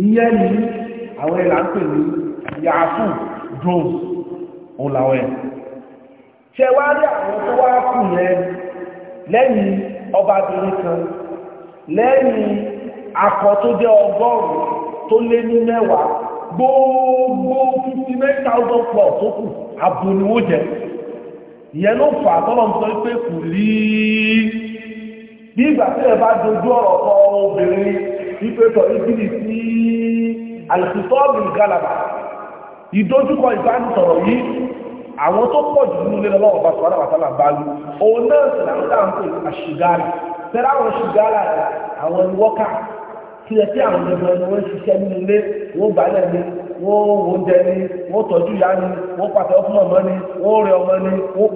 iye ní àwọn ẹ̀là ń pè ní yàáfù drones òun làwọn ẹ̀ ṣe wá rí àwọn tó wá kù yẹn lẹ́yìn ọba abìnrin kan lẹ́yìn akọ tó jẹ́ ọgọ́rùn tó lé ní mẹ́wàá gbogbo fifty nine thousand plus tó kù abo ni wọ́n jẹ ìyẹn ló fà tọ́lọ̀ ń sọ pé kù rí bí ìgbà tí ẹ bá dojú ọ̀rọ̀ kọ obìnrin wípé ìbílì sí alìsìtọ́ọ̀bù ìgalàbà ìdójúkọ ìbánisọ̀rọ̀ yìí àwọn tó pọ̀ jù nínú ilé lọ́wọ́ bá sọ́rọ̀ àtàlà bá lú òun náà sì láwọn dáa ń pè àṣìgáàlì tẹ́lá àwọn ṣìgáàlà àwọn wọ́kà tí ẹ tí àwọn ọmọ ẹni wọ́n ṣiṣẹ́ nínú ilé wọ́n gbálẹ̀ ni wọ́n wọ́n jẹ ni wọ́n tọ́jú ìyá ni wọ́n pàtẹ ọkùn ọmọ ni wọ́n rẹ ọmọ ni wọ́n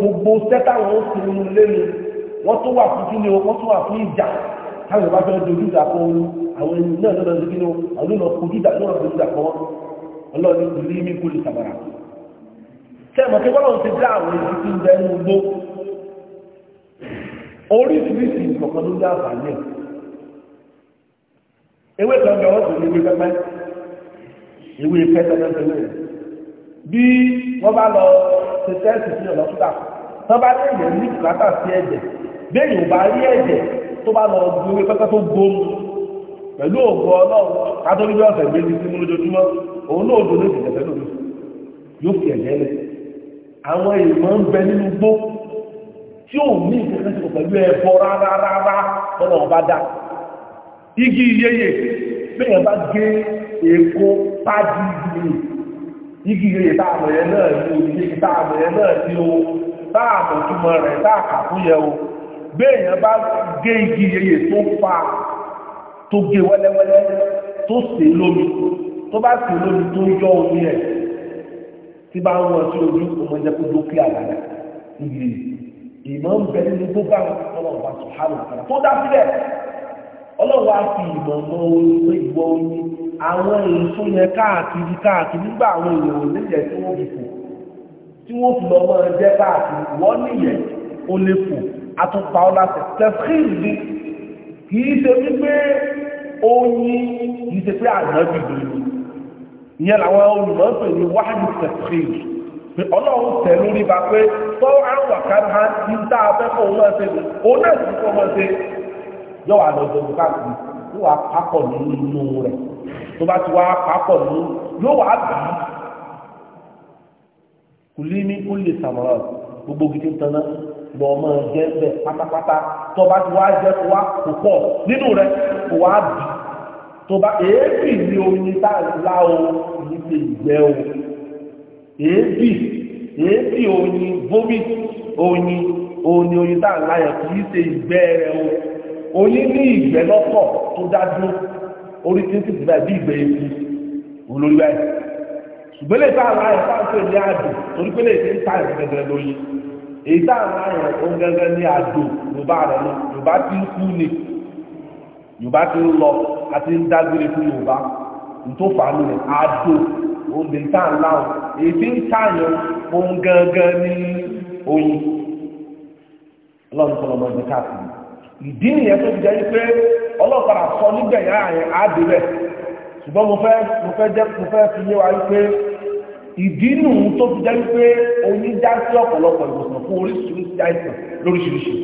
gbogbo àwọn ẹni náà lọ́dọ̀ sí kínú àwọn olùlọ kojú ìjà náà kojú ìjà kọ́ ọlọ́ọ̀ni ìlú mi kò lè sàbàrà sẹ́mọ̀ tí wọ́n ti dá àwọn ẹni tí ń bẹ ẹnu gbó oríṣiríṣi ìkọ̀kan ló dá àbáyé ewé kan bẹ wọ́n sì ní ewé pẹ́pẹ́ ewé pẹ́pẹ́ bí wọ́n bá lọ ṣe tẹ́sì sí ọ̀nà tán bá lè yẹ ní bùkátà sí ẹ̀jẹ̀ bẹ́ẹ̀ yóò bá rí ẹ̀jẹ̀ tó bá lọ gbé ewé pẹ́pẹ́ tó gbóòmù pẹ̀lú ògbọ́ ọlọ́run kátólíkì ọ̀sẹ̀ méjì sí mú lójoojúmọ́ òun náà dùn ní ìtẹ̀fẹ́ lómi yóò fi ẹ̀jẹ̀ lẹ̀ àwọn èèmọ̀ ń bẹ nínú gbó tí ò ní ìfẹ́fẹ́ sí pẹ̀lú ẹ̀bọ rárárárá lọ́nà ọba dá igi iyeye bẹ́ẹ̀ bá gé èkó pàdé ìgbìyànjú igi yẹ táàmù yẹn náà ní omi yẹ táàmù yẹn náà ní o táàmù túmọ̀ rẹ̀ táàkà fún yẹ o béèyàn bá gé igi yẹ tó fa tó gé wẹ́lẹ́wẹ́lẹ́ tó sè lómi tó bá sè lómi tó yọ omi ẹ̀ tí bá ń wọ sí ojú ọmọ ẹ̀jẹ̀ kó dókè àgbàdà ìyè ìmọ̀ ń bẹ nínú tó bá ọlọ́run bá sọ hàlù kan tó dá sílẹ̀ ọlọ́run á fi ìmọ̀ mọ orin ìwọ oyin àwọn èso yẹn káàkiri káàkiri nígbà àwọn èèyàn ò níyẹn tí wọ́n fi fò tí wọ́n fi lọ́mọ ẹ̀jẹ̀ káàkiri wọ́n níyẹn ó lè fò àtúpa ọlá tẹ̀ kì í ṣe wípé ó ní ìṣe pé ànábì lónìí ìyẹn làwọn olùmọ̀ọ́pẹ̀ ní wáhálì tẹ̀síìlì pé ọlọ́run tẹ̀ lórí bá pé tó àwọn àkàrà ní tá a fẹ́ fún ọmọ ṣe ó náà sì fún ọmọ ṣe yọ wà lọ́jọ́ káàkiri yóò wá pápọ̀ nínú rẹ̀ tó bá ti wá pápọ̀ nínú yóò wá bì í kùlí ní kúlì sàmọ́rọ̀ gbogbo gidi tán náà lọ ọmọ jẹ bẹ pátápátá tó bá ti wá jẹ kó wá kó pọ̀ nínú rẹ kó wá bì tó bá èébì ní oyin tá lá o ní ṣe ìgbẹ́ o èébì èébì oyin vomit oyin oyin oyin tá yẹn kì í ṣe ìgbẹ́ rẹ o oyin ní ìgbẹ́ lọ́tọ̀ tó dájú orí tí ń sì síbẹ̀ bí ìgbẹ́ ewu olórí báyìí ṣùgbọ́n lè tá lá yẹn ní àdùn torí pé ń ta ìgbẹ́gbẹ́ lóyin. èyí taa ó gẹ́gẹ́ ní àdó yorùbá rẹ̀ ní ti ń kú ní yorùbá ti ń lọ àti ń dágbére fún yorùbá tó fà á nílẹ̀ oúnjẹ ó gẹ́gẹ́ ní oyin ọlọ́run kọ́ lọ́mọdé káàkiri ìdí tó fi jẹ́ pé ọlọ́pàá sọ nígbẹ̀yà àyàn àdébẹ̀ ṣùgbọ́n mo fẹ́ ìdínú tó fi jẹ́ wípé onídásí ọ̀pọ̀lọpọ̀ ìwòsàn fún oríṣiríṣi àìsàn lóríṣiríṣi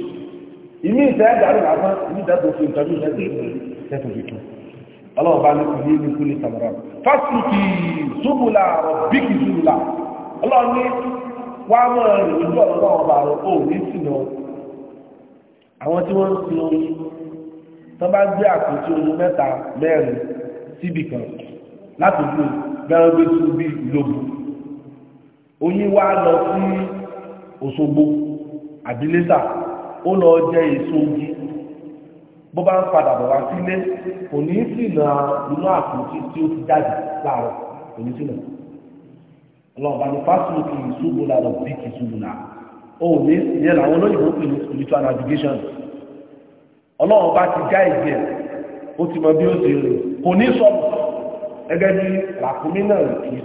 ìmí ìtẹ́ ẹ̀dàrú lásán ìmí ìdásí òfin ìtọ́jú ìtẹ́tòfìtò ọlọ́ọ̀bá ní kò ní ikú ní samara fásitì zubula rọ̀bíkì zubula ọlọ́ọ̀ni wá mọ́ ẹ̀rìn ìlú ọlọ́ọ̀bá rẹ̀ ó ní sínú àwọn tí wọ́n ń sin oyin tó bá gbé àpótí oyin mẹ́ta mẹ́rin síbì kan láti gbé gbẹ́rọ́gbé sí bí ìlógún oyin wa lọ sí Òṣogbo àbílẹ́sà ó lọ jẹ èso ogi bó bá ń padà bọ̀ wá sílé kò ní í sìnà inú àpótí tí ó ti jáde láàárọ̀ kò ní í sìnà lọ́ọ̀bá fásitì ìṣubú lọ ìṣubú náà ó ní ìyẹn làwọn olóyìnbó pè ní spiritual navigation ti já ó ti mọ bí ó ti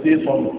rìn kò ní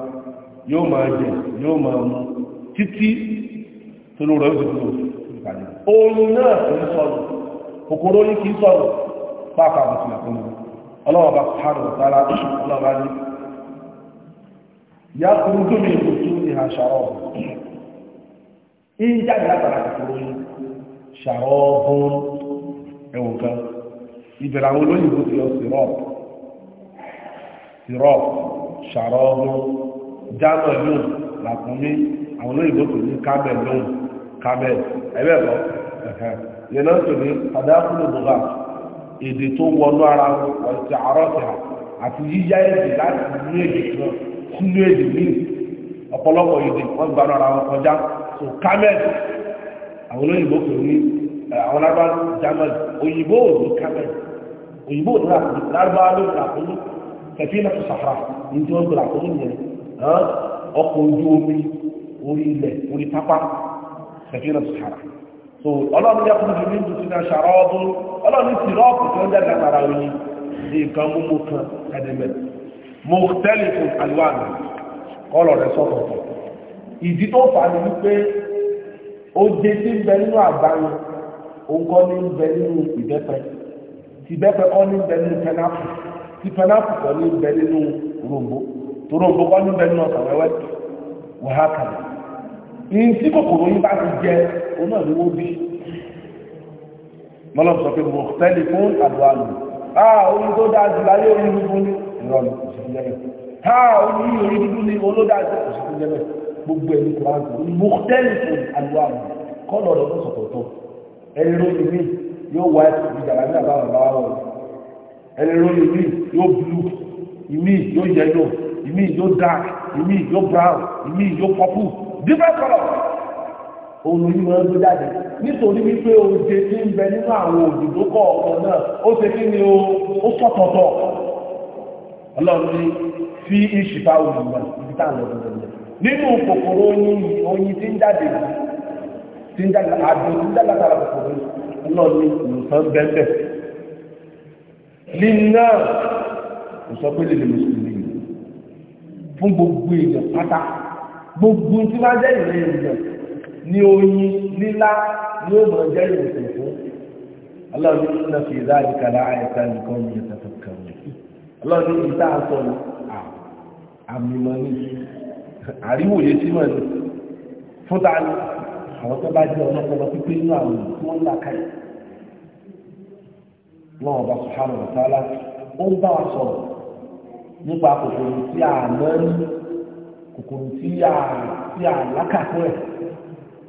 yóò máa jẹ yóò máa mú títí tó ló rẹ̀ ó sì kúrò ìpàdé oyin náà kì í sọ̀rọ̀ kòkòrò ní kì í sọ̀rọ̀ pàápàá bó tilẹ̀ fún mi ọlọ́wọ́ bá Ya ní kúrú tó tún ní ń jáde látara kòkòrò ṣàrọ̀ ọ̀hún ẹ̀wọ̀n kan ìbẹ̀rẹ̀ àwọn olóyìnbó ti jámọ̀ lóhùn làkúnmí àwọn olóyìnbó tó ní kábẹ̀ lóhùn kábẹ̀ ẹ̀bẹ̀ lọ yẹn náà tó ní tàdáfúlù bùbá èdè tó wọnú ara wọn ti àrọ́tà àti yíyá èdè láti inú èdè kan sínú èdè míì ọ̀pọ̀lọpọ̀ èdè wọ́n gbanú ara wọn kọjá so kábẹ̀ àwọn olóyìnbó tó ní àwọn lábá jámọ̀lì òyìnbó òní kámẹ́ òyìnbó òní lárúbá ló gbà kúrú kẹfí náà tó sàfà ní tí wọ́n gbà kúrú nìyẹn ọkọ̀ ojú omi orí ilẹ̀ orí pápá sẹ̀fínà sàrà so ọlọ́run yẹ kúrò ní ìdùnnú náà sàrà ọdún ọlọ́run ti rọ́ọ̀pù tí wọ́n jẹ́ látara oyin ní nǹkan múmú kan ẹ̀dẹ̀mẹ̀ mo tẹ́lẹ̀ fún àlùwàlù kọ́lọ̀ rẹ̀ sọ̀tọ̀tọ̀ ìdí tó fà ní wípé ó jẹ́ sí ń bẹ nínú àgbáyé òun kọ́ ní ń bẹ nínú ìbẹ́pẹ tìbẹ́pẹ kọ́ ní ń bẹ nínú pẹnápù tí pẹnápù kọ́ ní bẹ nínú ròmbó tóró gbogbo ọdún bẹ́ẹ̀ náà sàwẹ́wẹ́ wàhá kàlà ní tí kòkòrò yín bá ti jẹ òun náà ló wó bí mọ́lọ́ sọ pé mo tẹ́lẹ̀ fún àdúrà lò á orin tó dáa jù láyé orin dúdú ní ìrọ̀lù kò sí lẹ́yìn á orin yìí orin dúdú ní olódàá jù kò sí lẹ́yìn gbogbo ẹni kò rántí mo tẹ́lẹ̀ fún àdúrà lò kọ́lọ̀ rẹ̀ ló sọ̀tọ̀tọ̀ ẹni lóyún mi yóò wá ìjàlá ní àbáwọ̀ báwọ̀ ẹni lóyún mi yóò blu ìmí yóò yellow ìmí yóò dark ìmí yóò brown ìmí yóò purple different color òun yìí máa ń gbé jáde nítorí wípé oje tí ń bẹ nínú àwọn òdìdó kọ̀ọ̀kan náà ó ṣe kí ni o ó sọ̀tọ̀tọ̀ ọlọ́run ní fi ìṣìfà òyìnbó ibi tá à ń lọ gbọdọ̀ nínú kòkòrò oyin oyin tí ń jáde tí ń jáde àdó tí ń jáde látara kòkòrò ọlọ́run ní nǹkan bẹ́ẹ̀ bẹ́ẹ̀ kò sọ pé lèlè mùsùlùmí fún gbogbo èèyàn pátá gbogbo tí wọ́n jẹ́ ìlẹ̀ èèyàn ní oyin lílá ní ó mọ̀ jẹ́ ìwòsàn fún ọlọ́run ní fi ìdáàdì kalẹ̀ àyẹ̀ká nìkan ní ìtàkùn kan ọlọ́run ní ìta àtọ̀ àmì mọ́ ní àríwòye sí mọ́ ní fún ta ni àwọn tó bá jẹ́ ọlọ́pọlọ pípé inú àwọn tí wọ́n là káyọ̀ náà ọba sùhánù ọ̀tá lá ó ń bá wa sọ̀rọ̀ nípa kòkòrò tí a lọ́rí kòkòrò tí a tí a lákàtọ́ ẹ̀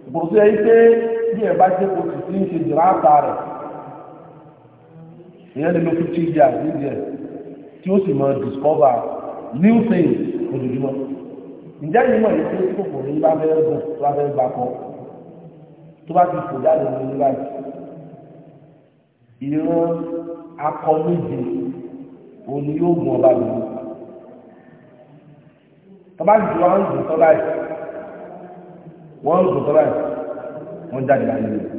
kòkòrò tí a yí pé bí ẹ bá jẹ́ kó sì ti ń ṣe jìrá àta rẹ̀ ìyẹn lè lo fifty years níbi ẹ̀ tí ó sì mọ discover new things ojoojúmọ́ ǹjẹ́ yìí mọ̀ yìí pé kòkòrò yìí bá fẹ́ gùn tó bá fẹ́ gbà kọ́ tó bá ti fò jáde ní ilé láti ìran akọ méje òní yóò gun ọba lòun tọ́ba ju wọn ń gùn tọ́ba yìí wọ́n ń gùn tọ́ba yìí wọ́n jáde láyé rẹ̀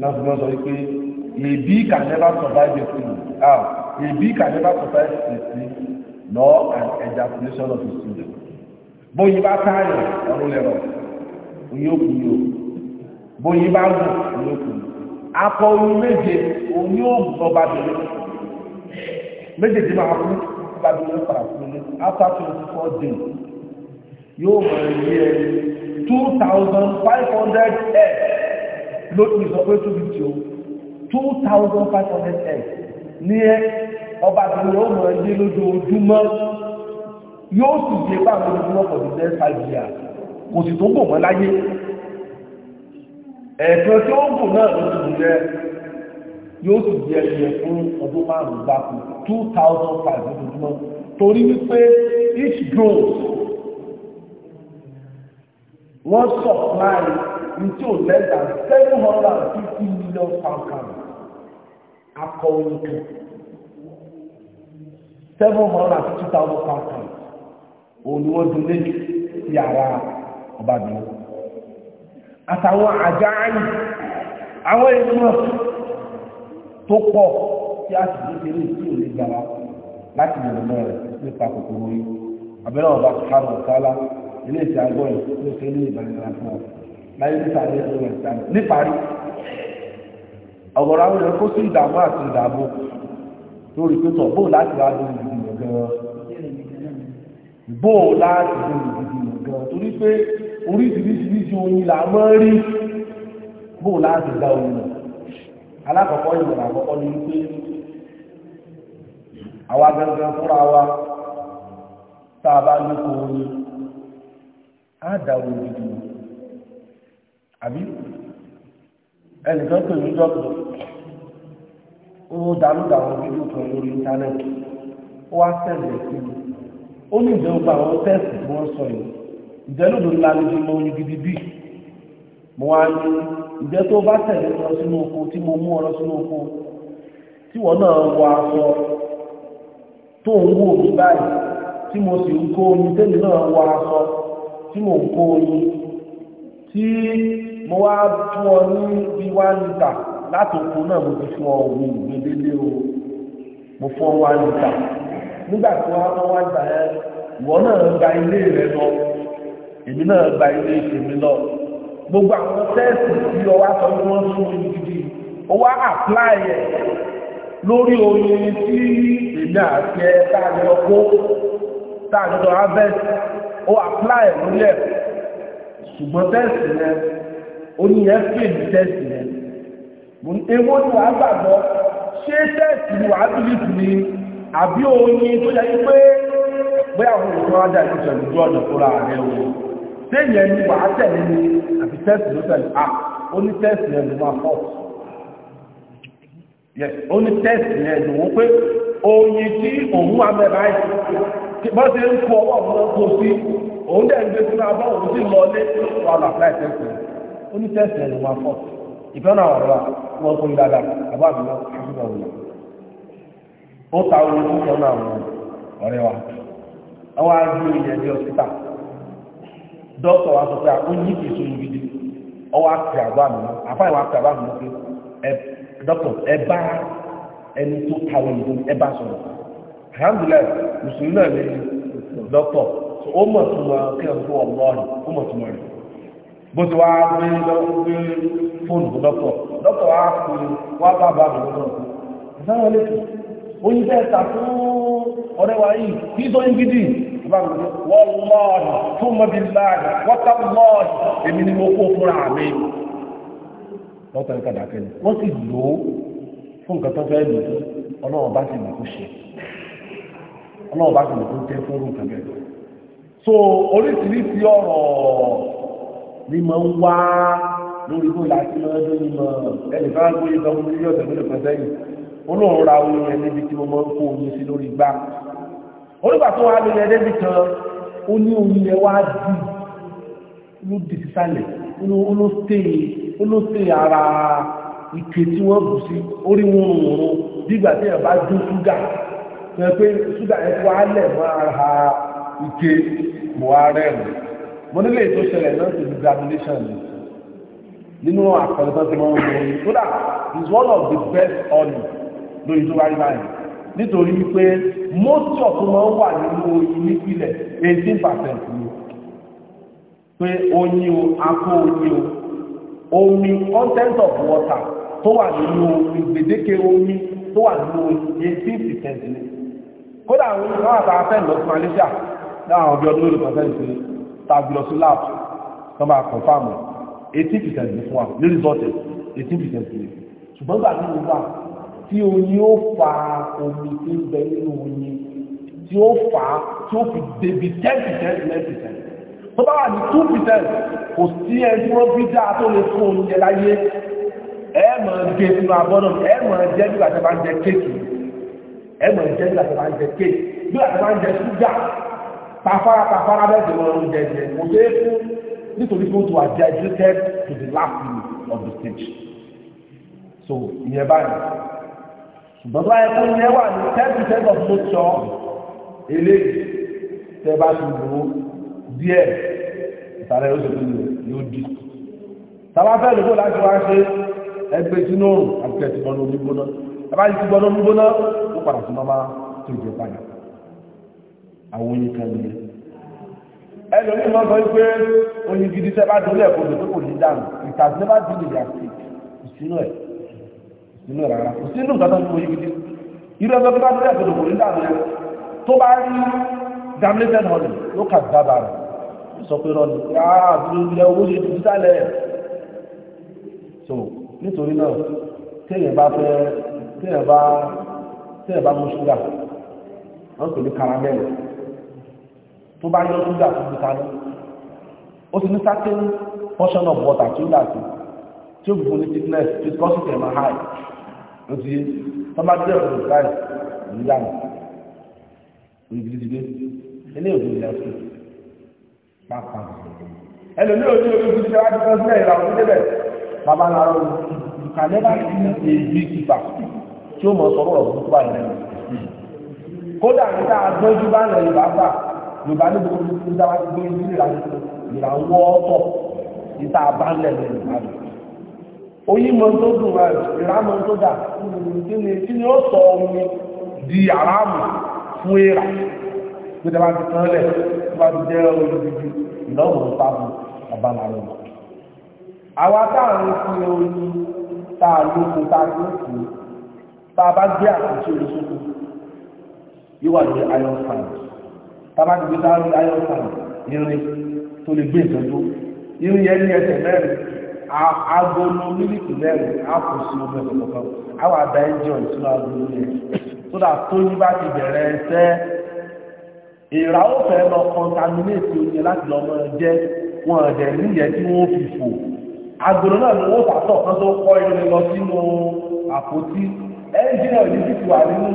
lọ́sọ̀rọ̀ pé èbí can never survive the food ah èbí can never survive the sea nor an ejaculation of the sea bóyí bá táyọ̀ ọ̀run lẹ́rọ̀ oyún òkú yìí o bóyí bá gùn oyún òkú yìí akọ oyún méje oyún òkú ọba bẹ̀rẹ̀ méjèèjì máa kú. Babylon padà fún mi after twenty four days yóò mọ̀ ẹ̀yẹ two thousand five hundred x lónìí sọ pé tóbi tí o two thousand five hundred x ní ẹ ọba àtúnyẹ yóò mọ̀ ẹ̀yẹ lójoojúmọ́ yóò sì gbé báwọn lójoojúmọ́ for the next five years kò sì tó bò láyé ẹ̀ẹ̀kan tí ó ń náà ló ti bù yẹ yóò sì di ẹyẹ fún ọdún márùn-ún gbáko two thousand five lójoojúmọ́ torí wípé each drone wọ́n supply nítí ò lẹ́gbàá seven hundred and fifty million pound pound akọ̀wé kan seven hundred and fifty thousand pound pound òun ni wọ́n donate sí ara ọba mi àtàwọn àjáàyè àwọn ènìyàn tó pọ̀ tí a sì kékeré tí ò lè gbà wá láti lè lọ́mọ rẹ̀ nípa kòkòrò yìí abẹ́rẹ́ ọba sùhánù ọ̀tálá ilé ìsìn àgọ́ yìí ló ṣe ní ìbànújẹ́ fún ọ láyé nípa ilé ìsìn rẹ̀ sáà níparí ọ̀gọ̀rọ̀ àwọn ènìyàn kó sí ìdààmú àti ìdààmú lórí pẹ́tọ̀ bó láti wá lórí ìdìbò gan-an bó láti lórí ìdìbò gan-an torí pé oríṣiríṣi oyin là máa ń rí bó láti dá oyin náà alákọ̀ọ́kọ́ ìmọ̀ràn àkọ́kọ́ ní wípé àwa gangan fúnra wa tá a bá lóko oyin á dà àbí ẹnìkan pè mí jọ́pọ̀ ó dàrú dàwọn fídíò kan lórí íńtánẹ́ẹ̀tì ó wá sẹ́ẹ̀lì ó ní àwọn tí wọ́n sọ yìí mo wá ní ìjẹ́ tó bá tẹ̀lé lọ sínú oko tí mo mú ọ sínú oko tí wọ́n náà wọ aṣọ tó ń wò mí báyìí tí mo sì ń kó tí mo wá fún ọ ní bí wá níta láti oko náà mo ti fún ọ o mo ọ wá níta nígbà tí wọ́n á wá gbà ẹ́ ìwọ náà gba ilé rẹ lọ gbogbo àwọn tẹ́ẹ̀sì tí ọwá sọ ní wọ́n sún oyin gidi ó wá àpláì ẹ̀ lórí oyin tí èmi àti ẹ táàjọ kó táàjọ harvest ó àpláì ẹ̀ lórí ẹ̀ ṣùgbọ́n tẹ́ẹ̀sì rẹ̀ oyin ẹ̀ fèm tẹ́ẹ̀sì rẹ̀ èwo ni wàá gbàgbọ́ ṣé tẹ́ẹ̀sì ni wàá bìlìtì ni àbí oyin tó yẹ pé pé àwọn òṣèlú ajá ìjọba ìjọba fúnra rẹ̀ wò téèyàn ń wà tẹ̀lé ní àfi tẹ́sì ló tẹ̀lé tẹ́sì yẹn ló máa tẹ́sì yẹn ló wọ́n pé oyin tí òun amẹ́ra yìí bọ́ ṣe ń kó ọwọ́ ọ̀hún kó sí òun dẹ̀ ń gbé abọ́ òun sì lọ lé wà yẹn tẹ́sì yẹn ló máa ìfẹ́ náà wà wọn ó ta tó náà wa ọ dókítà wa sọ pé oyin kì e so yin àti àbá mi àfáà ìwà àti àbá mi pé ẹ dókítà ẹni tó kàwé yìí ẹ sọ̀rọ̀ alhamdulilayi mùsùlùmí náà lè dókítà ó mọ̀ tó mọ̀ kí ẹ̀ fún ọlọ́ọ̀rì ó mọ̀ tó mọ̀ rẹ̀ bó ti wá gbé gbé fóònù fún dókítà dókítà wa fi wá bá bá mi lọ́dọ̀ oyin fẹ́ ta fún ọ̀rẹ́ wa yìí kí tó ń gidi wọ́lọ́ọ̀dì tó mọ́bí láàrín wọ́tàlọ́ọ̀dì èmi ni mo kó fúnra mi lọ́tọ̀ ní kàdà kẹ́lẹ̀ wọ́n sì lò ó fún nǹkan tó fẹ́ lò ọlọ́run bá sì lè kó ṣe ọlọ́run bá sì lè kó tẹ́ fún nǹkan bẹ́ẹ̀ so oríṣiríṣi ọ̀rọ̀ ni mo ń wá lórí bó láti lọ́dún ní mọ̀ ẹnì kan á gbé ìgbà olóhùn ra oyin yẹn níbi tí mo máa kó oyin sí lórí igbá olùgbà tó wà lóyún ẹdẹ́bì kan ó ní oyin yẹn wá dì ló dì sísàlẹ̀ olóṣè ara ike tí wọ́n bù sí orí wọn òun dígbà tí ẹ̀ bá dún ṣúgà tó yẹ pé ṣúgà yẹn tó wá mọ́ ara ike buhari rẹ̀ mo nílé ètò ìṣẹ̀lẹ̀ náà ti examination nínú àpẹẹrẹ tó ti mọ́ ọ́n lórí kódà is one of the best honours lórí tó wáyé báyìí nítorí wípé most of wọn wà nínú oyin nípìnlẹ̀ eighteen percent ni pé oyin o akó oyin o omi content of water tó wà nínú omi gbèdéke omi tó wà nínú oyin eighteen percent ni kódà àwọn oyin náà bá fẹ́ lọ Malaysia láwọn ọbẹ̀ ọdún lórí percent ni tàbí lọ sí lab tó máa confam 18 percent ni fún wa ní result eighteen percent ni ṣùgbọ́n gbà nínú wa tí oyin ó fa omi tí ń bẹ nínú oyin tí ó fa tí ó fi débi ten percent ten percent tó bá wà ní two percent kò sí ẹni tí wọ́n bí dáa tó lè fún oúnjẹ láyé ẹ mọ̀ ẹ́ gé sínú abọ́dọ̀ ẹ mọ̀ ẹ́ jẹ́ nígbà tí a bá ń jẹ kéèkì ẹ mọ̀ ẹ́ jẹ́ nígbà tí a ń jẹ kéèkì nígbà tí a ń jẹ ṣúgà tafara tafara bẹ́ẹ̀ tí wọ́n ń jẹ jẹ kò fún nítorí pé ó ti wà dehydrated to the last minute of the stage so ìyẹn báyìí bàbá ẹ̀kọ́ yẹn wà ní ten percent of nature eléyìí tẹ́ bá ti lò ó díẹ̀ ìsàlẹ̀ yóò ṣètò ìlú yóò di tàbá fẹ́ lòkó láti wá ṣe ẹgbẹ́ sínú òrùn àti ẹ̀sìn gbọ́dọ̀ omi gbóná tàbá ti gbọ́dọ̀ omi gbóná ó padà sí mọ́má tó ìjọ padà àwọn oyin kan nìyẹn ẹlòmí wọn sọ pé oyin gidi tẹ́ bá dúró ẹ̀kọ́ lòkó kò ní nínú rárá kò sí inú nǹkan tó ń gbóyè gidi irú ẹgbẹ́ tó bá dúró ẹ̀gbọ́dọ̀ kò ní dàbí rẹ tó bá rí damilẹ́tẹ̀ náà rẹ̀ ló kà dábà rẹ̀ ó sọ pé rọ́ọ̀nì yáà dúró ilẹ̀ owó ṣe ti sálẹ̀ so nítorí náà téèyàn bá fẹ́ téèyàn bá téèyàn bá mú ṣúgà wọ́n pè ní karamẹ́lì tó bá yọ ṣúgà tó fi kaná ó ti ní certain portion of water tí ó dà sí tí ó fi ní thickness tí ó kọ́ sí máa high ó tọ́ba jẹ́ òkú káyì níyàmù onídìrídìrí ilé òkú ìyá pápá ẹlòmí ò ní ojú ti wá dúpẹ́ sílẹ̀ ìlà òkú débẹ̀ bàbá náà rọ ìkàlẹ́bà ti èbí kìfà tí ó mọ sọ̀rọ̀ ọ̀gbọ́n tó bá yẹn lẹ́nu kódà nígbà àgbọ́njú bá ń lọ yorùbá gbà yorùbá ní gbogbo ìdáwà ti gbé ìdílé ìlànà ìlànà wọ́ọ́tọ̀ ìta àbá ń lẹ̀ lẹ́nu oyin mọ tó dùn rẹ ìrámọ tó dà kí ni ó sọ omi di àrámù fún èrà gbẹdẹ bá ti tán lẹ tó bá ti jẹ omi dídí ìdánwò ń sábà bàbá fi oyin tá lókun tá a tá a bá gbé àtúnṣe olóṣogbo yóò ní iron sand tá a bá ti gbé sáré iron sand irin tó lè gbé ìtọ́jú irin yẹn ní ẹsẹ̀ mẹ́rin agolo mílíkì mẹ́rin àkùsù ọmọ ìpọ̀pọ̀ àwọn àdá ẹjọ́ ìtúnú agolo yẹn tó dà tó yí bá ti bẹ̀rẹ̀ ẹsẹ́ ìràwọ̀ fẹ́ lọ contaminate oúnjẹ láti lọ mọ jẹ́ wọn ọ̀dẹ̀ níyẹn tí wọ́n fi fò agolo náà ni wọ́n sàtọ̀ kan tó kọ́ irin lọ sínú àpótí ẹ́ńjìnà yìí ti wà nínú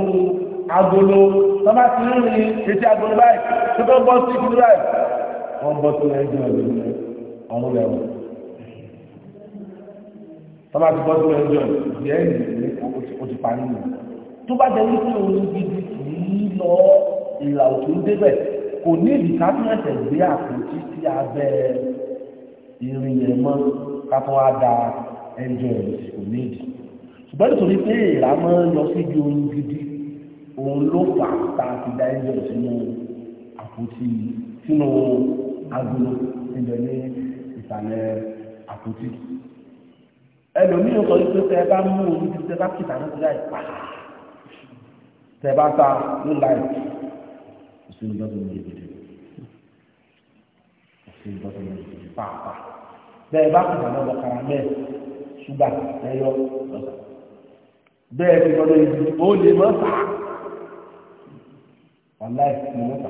agolo tó ti rí ní etí agolo báyìí tó tó bọ́ sí ìdúrà yìí wọ́n bọ́ sí ẹ̀ńjìnà yìí ọ̀hún lẹ́wọ̀n tọ́ba ti bọ́ sílẹ̀ ọjọ́ ìyẹ́ ìrìnlẹ̀ o ti parí nù. tó bá jẹ́ wípé orin gidi kì í lọ ìlà òkú débẹ̀ kò ní ìdíkà tó ẹ̀sẹ̀ gbé àpótí sí abẹ́ irin yẹn mọ́ ká tó wá da ẹjọ́ ìrìnlẹ̀ kò ní ìdí. ṣùgbọ́n nítorí pé ìlà máa ń lọ síbi orin gidi òun ló fà tá a ti da ẹjọ́ sínú àpótí sínú agolo ìjọ ní ìsàlẹ̀ àpótí ẹlòmíràn sọ wípé tẹ ẹ bá mú omi tí tẹ bá kìtà ní ìlà ìpà tẹ bá ta ní láì ìsinmi lọ́dún ní ìdílé ìsinmi lọ́dún ní ìdílé pàápàá bẹ́ẹ̀ bá kìtà ní ọ̀dọ̀ karamẹ́ ṣúgà ẹyọ lọ́sà bẹ́ẹ̀ ti lọ́dún ìdílé ó lè mọ́ sà wàláì ní mọ́ sà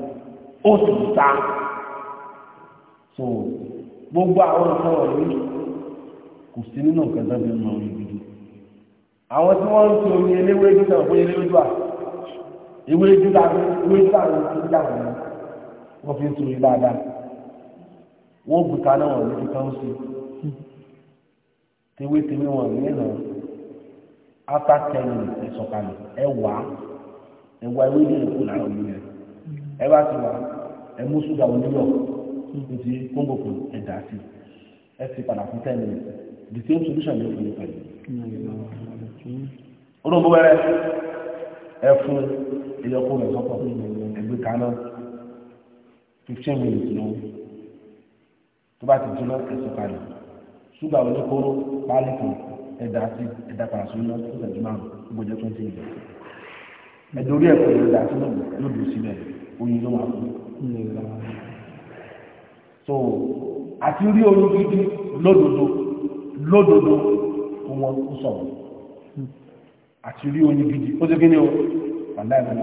ó sì sà so gbogbo àwọn nǹkan wọ̀nyí kò sí nínú nǹkan tó ń mọ orí gidi àwọn tí wọ́n ń tó orí eléwé dúdà fún eléwé dúdà ewé dúdà ewé dúdà ló ti dà wọn wọ́n fi ń sori dáadáa wọ́n bùkà náà wọ́n ní kíkan sí tewétewé wọn ní ìlànà after ten minutes ìsọ̀kalẹ̀ ẹ wà ẹ wà ewé ní èkó lára òun yẹn ẹ bá ti wà ẹ mú sùdà onílọ̀ ní ti kóńgò kan ẹ dà sí ẹ ti padà fún ten minutes the same solution ló fún nípa yìí. olóńgbò wẹrẹ ẹfun ìyọkùn rẹ sọpọ ẹgbẹ kaná fifteen minutes ló tó bá ti jóná ẹsùn kalẹ̀ ṣúgà oníkóró páálí kan ẹdá sí ẹdá padà sórí náà tó tẹjú márùn gbọ́dọ̀ tó ń tẹ ìgbà ẹdórí ẹ̀kọ́ yóò dá sí yóò dùn sílẹ̀ oyin ló máa fún mm. so àti rí oyin gidi lódodo. lódodo fún wọn ó àti rí oyin gidi ó ṣe kíni wàlá ẹ̀ wọn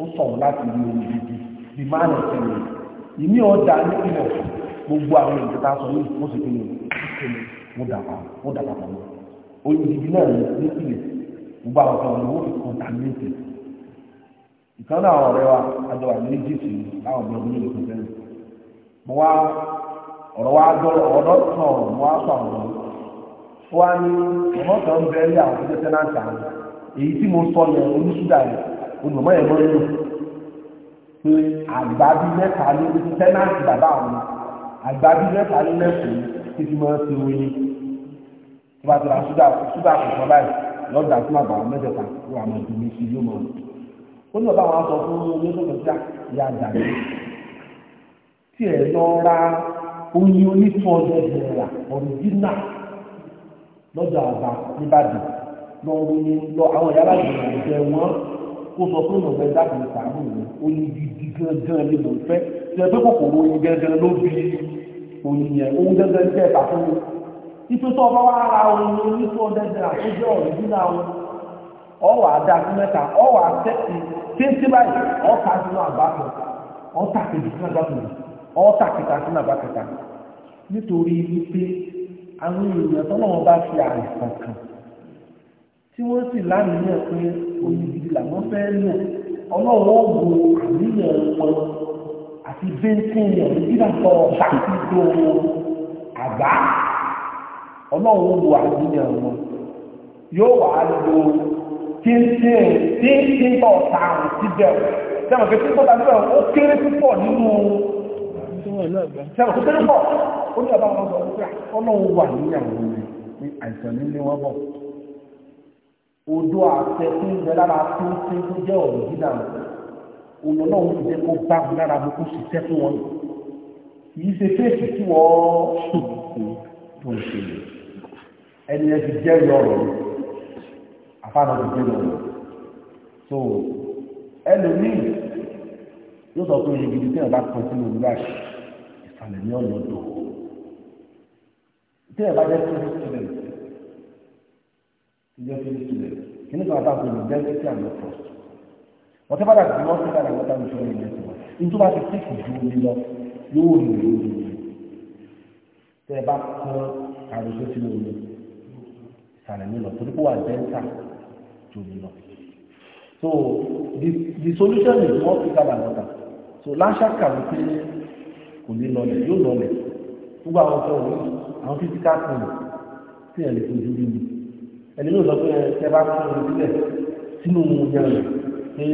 ó sọ̀rọ̀ láti rí oyin gidi bí máa nà sẹ́yìn ìní ọ̀dà nípìnlẹ̀ gbogbo àwọn ìjọba sọ yìí ó o ó dàpà ó pọ̀ mọ́ oyin gidi náà gbogbo àwọn ọ̀dọ́ wọn ó fi náà ọ̀rẹ́ wa adọ́ láwọn ọmọ ọdún yìí wá ọ̀rọ̀ wa wá wá ní ọmọ kan ń bẹ ní àwọn tó tẹ́tẹ́ náà tà ní èyí tí mo sọ yẹn oníṣúdà yẹn olùmọ̀ yẹn mọ́ ní pé àgbà bí mẹ́ta ní tẹ́nàtì bàbá àwọn àgbà bí mẹ́ta ní mẹ́sàn-án tí ti máa ń ti oyin tó bá ti ra ṣúgà ṣúgà kọ̀ọ̀kan báyìí lọ́dà tí màbà àwọn mẹ́tẹ̀ẹ̀ta tó wà máa dùn sí yóò mọ̀ ó ní bàbá àwọn sọ fún olóṣèlú tí a dà lọ́jọ́ àgbà nìbàdàn lọ ní lọ àwọn ìyá láti ìrìn àjẹ wọn kó sọ pé mo fẹ́ dáàbò sàánù mi oyin gidi gangan ni mo fẹ́ ṣe pé kòkòrò oyin gangan ló bí oyin yẹn oyin gangan ní kẹta fún mi ìtòtò ọba wa ara oyin onífọ́ dandan àtúnjẹ ọ̀rẹ́ nínú àwọn ọwọ́ àdá sí mẹ́ta ọwọ́ àtẹ́sí kéńté báyìí ọ̀tá sínú àbáfẹ́ ọ̀tá kejì sínú àbáfẹ́ ọ̀tá kẹta sínú àbáfẹ́ nítorí wípé àwọn èèyàn tó náà bá fi àìsàn kàn tí wọ́n sì lánìyàn pé omi gidi làwọn fẹ́ lò ọlọ́wọ́ wo àníyàn wọn àti bẹ́ńkì yẹn nígbà tó ṣàkóso àgbá ọlọ́wọ́ wo àníyàn wọn yóò wà á lo kíntìn kíntìn tó ta àrùn síbẹ̀ sẹ́wọ̀n pé kíntìn tó ta síbẹ̀ ó kéré púpọ̀ nínú yẹn náà gbẹ. sẹ́wọ̀n tó tẹ́lẹ̀ bọ̀ ó ní ọba wọn sọ pé ọlọ́run wà níyàwó rẹ̀ ní àìsàn nílé wọn bọ̀. odò àtẹ tó ń bẹ lára tó ń tẹ́ tó jẹ́ ọ̀rọ̀ dídà òun náà ń jẹ́ kó bá wọn lára bó kó ṣiṣẹ́ fún wọn. kì í ṣe fèsì tí wọ́n ṣòkòkò tó ń ṣe ẹni ẹ ti jẹ́ yọrọ̀ àfáàná ti jẹ́ yọrọ̀ so ẹlòmíì yóò sọ pé ibi tí wọn bá kọ sínú òwúrọ̀ àṣì alẹ́ ní ọlọ́dọ̀ tí ẹ bá jẹ́ tó student tí jẹ́ tó student kí ní kan àtàkùn ìlú jẹ́ tí àmì trust wọ́n tẹ́ padà sí wọ́n sí padà wọ́n tàbí sọ́ọ́ ilé tí wọ́n ní tó bá ti tẹ́kì ju omi lọ yóò rìn lórí omi tẹ́ ẹ bá kọ́ àròsọ sínú omi sàlẹ̀ mi lọ torí kó wà dẹ́ńtà ju omi lọ so the the solution is wọ́n fi padà wọ́n so láṣà kàwé pé lọlẹ̀ yóò lọlẹ̀ gbogbo àwọn ọ̀sẹ̀ òní àwọn físíkà kan tí ẹ̀ lè fojú rí mi ẹni ló sọ pé ẹ bá fún mi sílẹ̀ sínú mu yẹn pé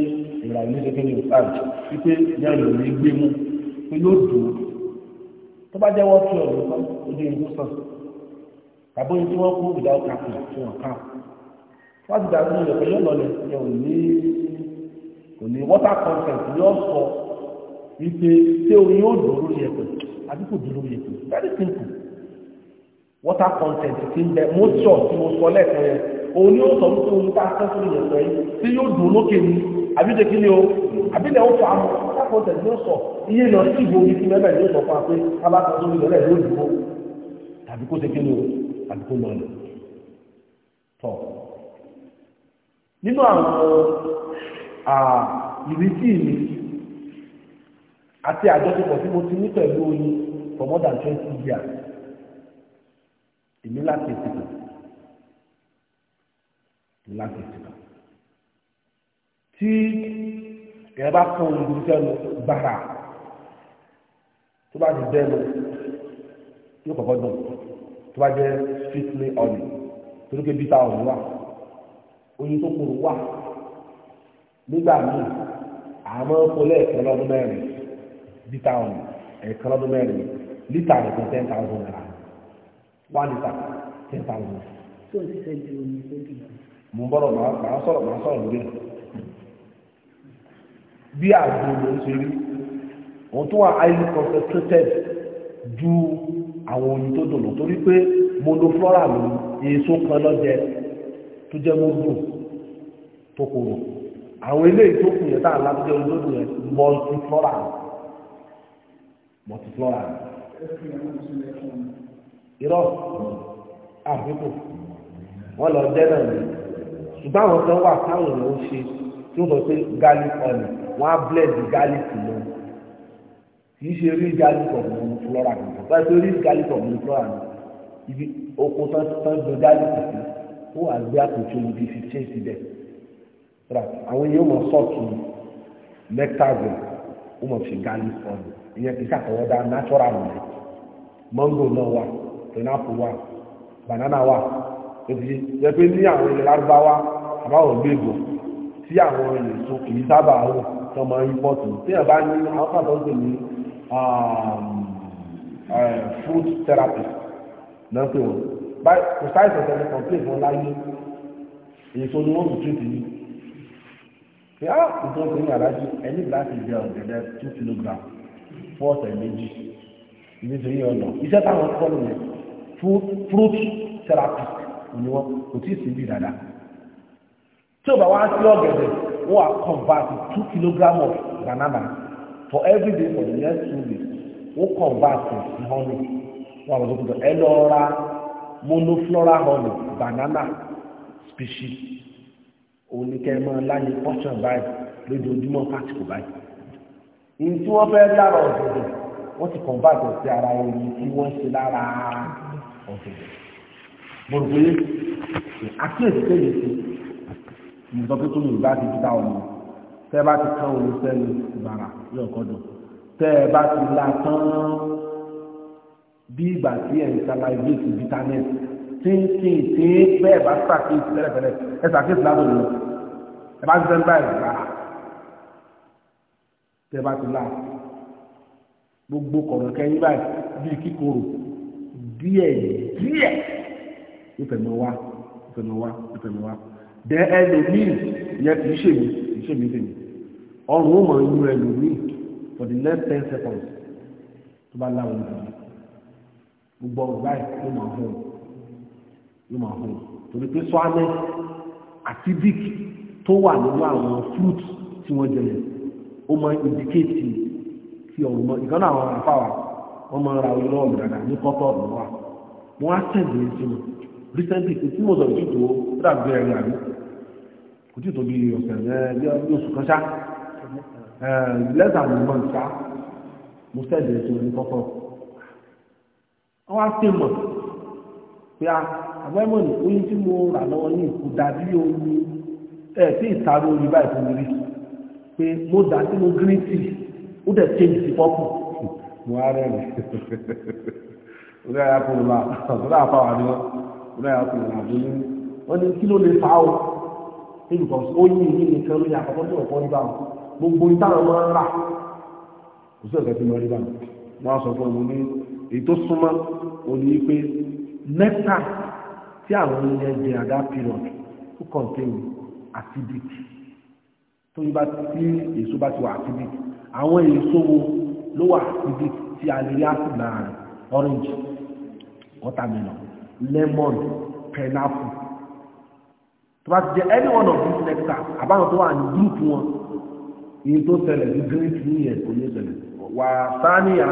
ìlà ìlú ṣe kéde òkà ah, wípé yẹn lò ní gbé mú pé yóò dùn tó bá jẹ́ wọ́n tún ọ̀rọ̀ kan ojú ìlú sàn tàbí ohun tí wọ́n kú ìdá ọkà kan tí wọ́n wọ́n ti dàgbé ìyẹ̀pẹ̀ yóò lọlẹ̀ yẹn ò ní kò ní water content yóò sọ wípé tí omi yóò dùn lórí ẹ̀pẹ̀ àbí kò dùn lórí ẹ̀pẹ̀ very simple water content ti ń bẹ moisture tí mo sọ lẹ́ẹ̀kan yẹn òun ni ó sọ wípé omi tá a fẹ́ sórí ẹ̀pẹ̀ yìí tí yóò dùn lókè ni àbí jẹ́ kí ni o àbí lẹ́wọ́ fà á water content ló sọ iye lọ sí ìbò omi tí mẹ́bẹ̀ ló sọ fún wa pé abáta sórí ìrọ̀lẹ́ yóò dùn ó tàbí kó ṣe kí ni o tàbí kó lọ lọ tọ̀ nínú àwọn ìrísí mi àti àjọṣepọ̀ tí mo ti ní pẹ̀lú oyin for more than twenty years èmi láti ìsìnkú èmi láti ìsìnkú tí ẹ bá fún un lórí sẹ́nu gbàrà tó bá ti bẹ́ẹ̀nu yóò kọ́kọ́ dùn tó bá jẹ́ strictly honey torí pé bíta ọ̀nì wà oyin tó kúrò wà nígbà míì àmọ́ kó lọ́dún mẹ́rin. Eh, lítà ọ̀nà ẹ̀ẹ̀kan lọ́dún mẹ́rin lítà nìkan ten thousand naira one litre ten thousand. tó o ti fẹ́ ju omi tó kì í. mo ń bọ́dọ̀ màá sọ̀rọ̀ màá sọ̀rọ̀ lórí ẹ̀. bí àgbo ló ń ṣe rí òun tó wà highly concentrated ju àwọn oyin tó dùn lọ torí pé monoflora ló èso kan lọ́jẹ tó jẹ́ mọ́gbò tó kò rò àwọn eléyìí tó kù yẹn tá à ń lábẹ́ olódò yẹn multiflora lọ mọ̀tíflọ́ra irọ́ àbíkù ah, wọ́n lọ jẹ́ náà ní ṣùgbọ́n àwọn kan wà táwọn èèyàn ń ṣe tí wọ́n sọ pé garlic oil wọ́n á blend garlic lọ kìí ṣe rí garlic of mọ̀tíflọ́ra nìkan báyìí pé rí garlic of mọ̀tíflọ́ra nìkan ibi oko tán tán gbé garlic sí ó wà gbé àpòtò ibi fifteen síbẹ̀ àwọn èèyàn mọ̀ sọ́ọ̀tù mẹ́tàgùn ó mọ̀ fi garlic oil ìyẹn kì í ṣàtọwọ́dá natural nìyẹn mango náà wà pineapple wà banana wà èdè yẹ pé ní àwọn ilẹ̀ lárúbáwá àbáwọn gbègbò tí àwọn èso kì í sábà wò tó máa ń pọ̀tù tí yẹn bá ní àwọn pàtó ń pè ní um, eh, food therapy náà pé wọn báyìí kò sáìsàn tẹ̀lé complain fún láyé èso ni wọ́n ń tún tì í pé á ah, ìtọ́jú ní àlájú ẹni láti jẹ ọ̀gẹ̀dẹ̀ two kilograms fún ọ̀sẹ̀ méjì nítorí ọ̀nà iṣẹ́ táwọn kọ́ nìyẹn fruit therapy ni wọ́n kò tí ì sí bí dáadáa tí o bá wá sí ọ̀gẹ̀dẹ̀ wọ́n á convert two kilograms of banana for every day for the next two days wọ́n convert sí honey wọ́n á lọ sókè tó ẹ lọ ra monofloral honey banana species oníkẹ́ máa láyé portion báyìí lójoojúmọ́ pàtìkù báyìí èyí tí wọ́n fẹ́ lára ọ̀dọ̀dọ̀ wọ́n ti convert sí ara èyí tí wọ́n ṣe lára ọ̀dọ̀dọ̀ gbòòrò àkíyèsí kéde sí ìdọ́kítà tó yorùbá ti dúdá ọmọ tẹ́ bá ti kán omi sẹ́nu ìbàrà yóò kọ́ dùn tẹ́ bá ti la tán bí ìgbà tí ẹ̀ ń ṣàlàyé ti bítámẹ́ẹ̀tì tí ń tí ń tí bẹ́ẹ̀ bá ṣàkíyèsí tẹ́lẹ̀tẹ́lẹ̀ ẹ ṣàkíyèsí lábẹ́ òun ẹ bá ti sẹ́ńtà ìgbà tẹ́ bá ti láà gbogbo kọ̀rọ̀ kẹ́yìn báyìí bíi kíkorò díẹ̀ díẹ̀ ìfẹ̀mọ̀ wá ìfẹ̀mọ̀ wá ìfẹ̀mọ̀ wá dẹ ẹlòmíì yẹ kì í ṣèmi kì í ṣèmi fèmí ọrùn ó mọ inú ẹlòmíì for the next ten seconds tó bá láwọn ìfẹ̀mọ̀ gbogbo ọ̀rọ̀ báyìí ló máa hàn ló máa hàn torí pé sọ́ánẹ́ àti bíkì tó wà nínú àwọn fruit tí wọ́n jẹ yẹn ó mọ ìdíkéètì tí ọmọ ìkan náà àwọn afáwà wọn máa ń ra oyin lọ́wọ́ dada ní kọ́tọ́ ọ̀nà wa wọn á tẹ̀lé sí mi recently kò tí mo sọ ìtú tó ó dàbí ẹ̀rọ àbí kò tí tó bí ọ̀sẹ̀ ẹ̀ bí oṣù kan ṣá lẹ́tà mi mọ̀ ṣá mo tẹ̀lé sí mi ní kọ́tọ́ wọn á tẹ̀ mọ̀ pé a ah, àbẹ́mọ̀ ní tí mo rà lọ́wọ́ ní ìkú dàbí omi ẹ̀ tí ìta pé mo dà sí mo green tea ó dẹ̀ change sí pọ́pù. mo á rẹ̀ mi ó dẹ̀ yà kúrò náà ó dẹ̀ àfa wà ní wọn ó dẹ̀ yà kúrò náà ló ní wọn ní kí ló lè fa o níbi kan ó yí ìyí nìkan ló yà àkọ́kọ́ tí wọ́n kọ́ nígbà wọn gbogbo ìtàn wọn ń rà kò sí ọ̀sẹ̀ tí wọ́n rí bá mi á sọ fún mi ní èyí tó súnmọ́ òní pé nẹ́tà tí àwọn oúnjẹ jẹ àdá period ó contain acidity tó yí bá tí èso bá ti wà síbi àwọn èso wo ló wà síbi tí a lè rí àpò láàrin orange watermelon lemon pineapple tó bá ti jẹ any one of these nectar àbáwọn tó wà ní gúrùpù wọn èyí tó ṣẹlẹ̀ ní green tea yẹn kò ní ṣẹlẹ̀ wà sáníyà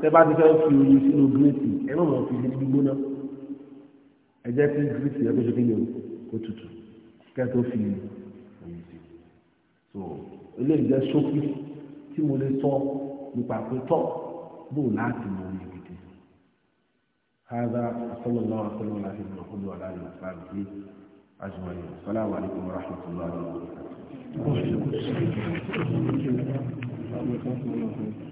tẹ bá ti fẹ́ fi oyin sínú green tea ẹ má mọ̀ fi ní gbígbóná ẹ jẹ́ kí green tea ẹ tó ṣe kí ni o kó tutù kẹ́ tó fi yìí so eléyìí jẹ́ ṣókí tí mo lè sọ nípa pé tọ́ bò láti mọ orí gidi hada sallallahu alaihi wa sallam wa rahmatulahi wa rahmatulahi wa rahmatulahi ajumayi salamu alaikum wa rahmatulahi wa rahmatulahi.